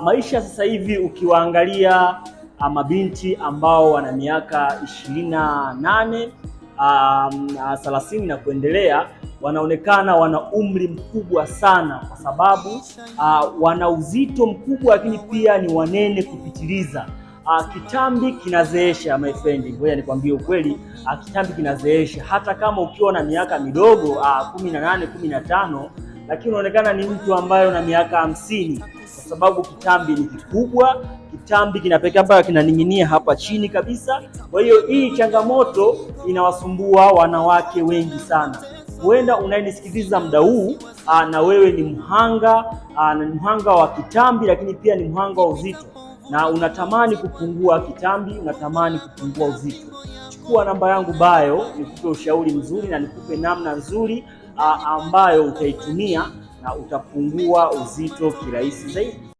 Maisha sasa hivi ukiwaangalia mabinti ambao wana miaka ishirini na nane thelathini na kuendelea wanaonekana wana umri mkubwa sana kwa sababu uh, wana uzito mkubwa, lakini pia ni wanene kupitiliza. Uh, kitambi kinazeesha my friend, ngoja nikwambie ukweli. Uh, kitambi kinazeesha hata kama ukiwa na miaka midogo uh, kumi na nane kumi na tano, lakini unaonekana ni mtu ambaye una miaka hamsini sababu kitambi ni kikubwa, kitambi kinapeka mpaka kinaning'inia hapa chini kabisa. Kwa hiyo hii changamoto inawasumbua wanawake wengi sana. Huenda unayenisikiliza muda huu na wewe ni mhanga na ni mhanga wa kitambi, lakini pia ni mhanga wa uzito na unatamani kupungua kitambi, unatamani kupungua uzito. Chukua namba yangu bayo, nikupe ushauri mzuri na nikupe namna nzuri ambayo utaitumia na utapungua uzito kirahisi zaidi.